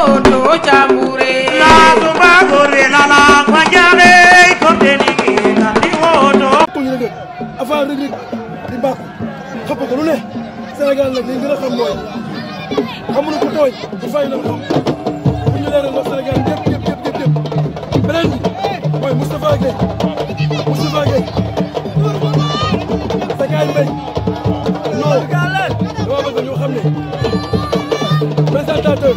avant Reug Reug di bàkku xëpp ko lu ne Sénégal nag liñ gën a xam mooy xamuñu ko tooñ bu fay na ko bu ñu leeral wax Sénégal yëpp yëpp yëpp yëpp yëpp beneen bi mooy Moustapha Gueye Moustapha Gueye Sakaay Mbaye non dama bëgg ñu xam ne présentateur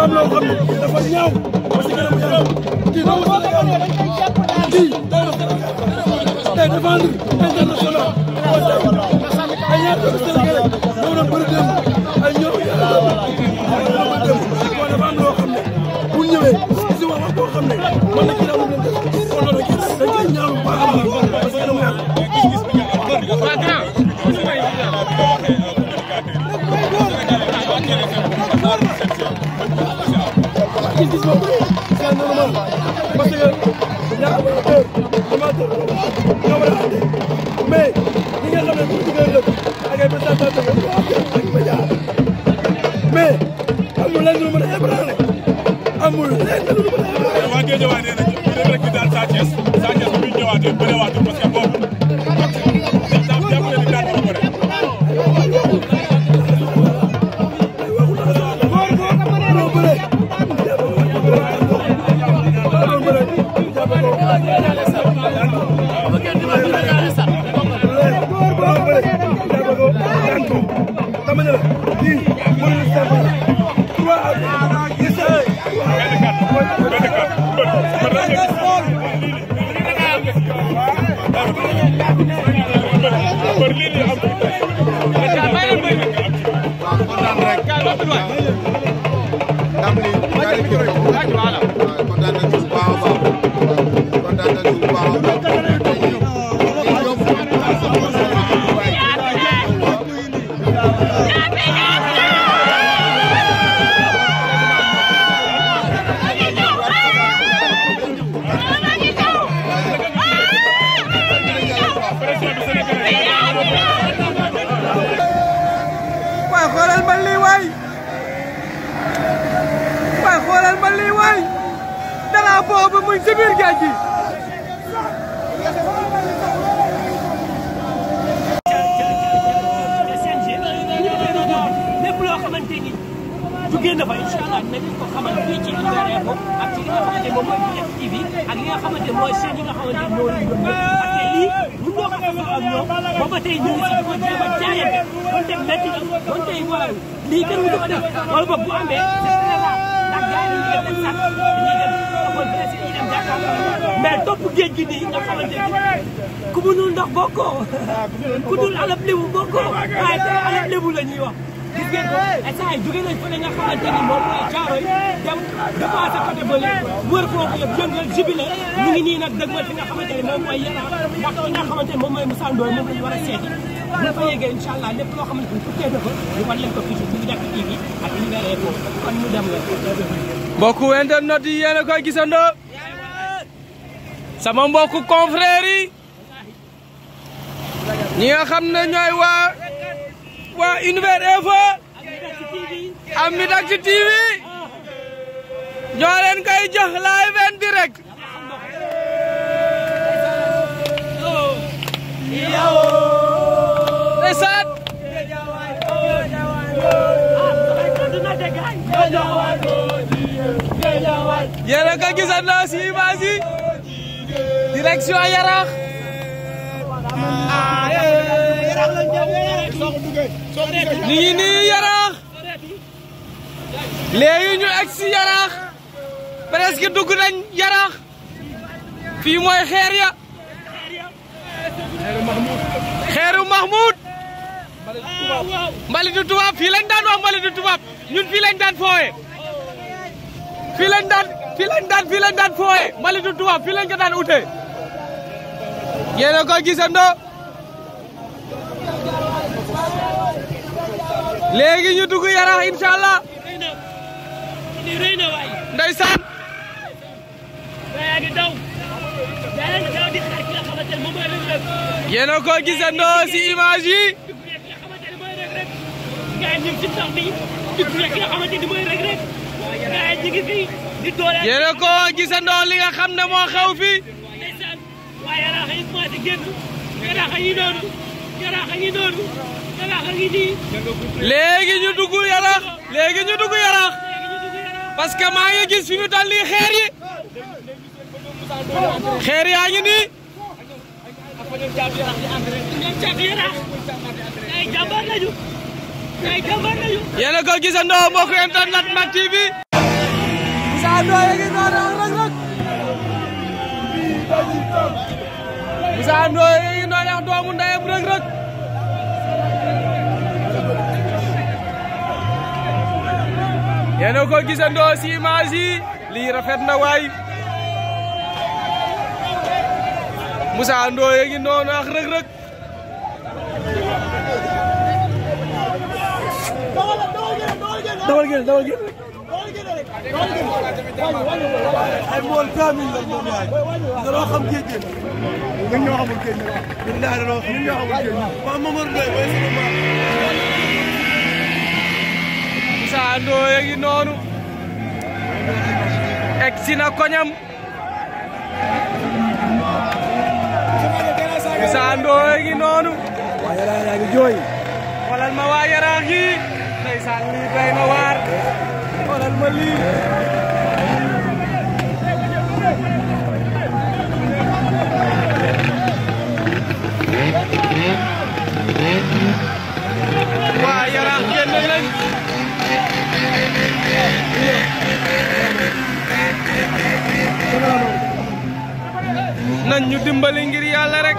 dafa am loo xam ne dafa ñaaw ba si kanam yaram kii doomu Sénégal kii tey défendre international ay ñaata Sénégal moo doon bëri dem ay ñoom norme sexuelle gis-gis boobu c'est normal parce que ñaar mooy heure amateur ñoo mën a andi mais ñi nga xam ne pour dugal lépp ak ay présentateurs nga ko ak ak média mais amul lenn lu mën a ébranlé amul lenn lu mën a ébranlé waa Guédiawaye nee nañ rek rek daal Sa Thiès waaw kontaan nañ muy ci biir géej gi lépp loo xamante ni jugee na fa incha allah dinañ ko xamal fii ci IBR FM ak ci li nga xamante moom mooy Direct TV ak li nga xamante mooy chaîne yi nga xamante ni mooy parce que lii mun nga ko xamal ak ñoom ba ba tey ñu ngi ci ko jéem a jaayante donte métti donte yi wala lii kenn mu ko def wala boog bu amee c'est très rare ndax gars yi ñu ngi def sax dañuy def bopp géej gi nii ndax xamante ni ku munul ndox bokkoo ku dul alab lébu bokkoo waaye tey alab lébu la ñuy wax. gis ko instant jóge nañ fa ne nga xamante ni moom mooy Caaroy dem dépassé côté bële wër foofu yëpp yëngal jibile ñu ngi nii nag dëgmal fi nga xamante ni moom mooy ndax ki nga xamante moom mooy Moussa Ndoye moom la ñu war a seeti. bu ñu fa yeggee incha lépp loo xamante ni tukkee na ko ñu wan leen ko fii ci ko kon ñu dem la. mbokku internet yi yéen a koy sama mbokku confrères yi ñi xam ne ñooy waa waa Univers Info am mi dak ci TV ñoo leen koy jox live en direct ndeysaan yéen a ko direction Yarax. ñu ngi nii Yarax. léegi ñu egg Yarax. presque dugg nañ Yarax. fii mooy xeer ya. xeeru Mahmoud. mbalitu tubaab fii daan wax mbalitu tubaab ñun fii daan fooye. fii daan fii daan fii daan fooye mbalitu tubaab fii lañ daan utee. yéen a koy gisandoo léegi Yarax incha allah ndeysaan yéen a koy si image yi yéen a koy xam ne moo xew fii yaraax yi génn yaraax yi noonu yaraax yi noonu yaraax yi nii. léegi ñu dugg yaraax léegi ñu parce que maa ngi gis fi ñu dal nii xeer yi xeer yaa ngi nii. yéen a ko gisandoo mbokk internet Mak TV. Moussa Ndoye no yax doomu ndeyam Reug Reug yéen a ko gisandoo si image yi rafet na waay Moussa Ndoye noonu ak Reug Reug ay mool kaamil noonu egg na koñam Moussa Ndoye ngi noonu waa Yaraax yaa ngi jooy na waar waa Yaraax génn nañ nañ ñu dimbali ngir yàlla rek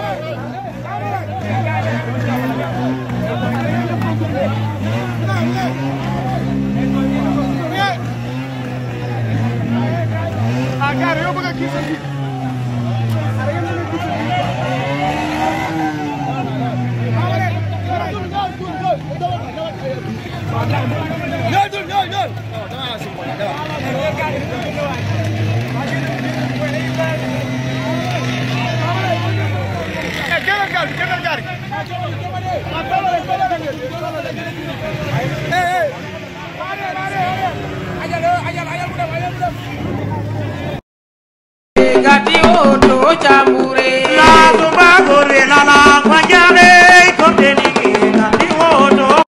Gati oto cham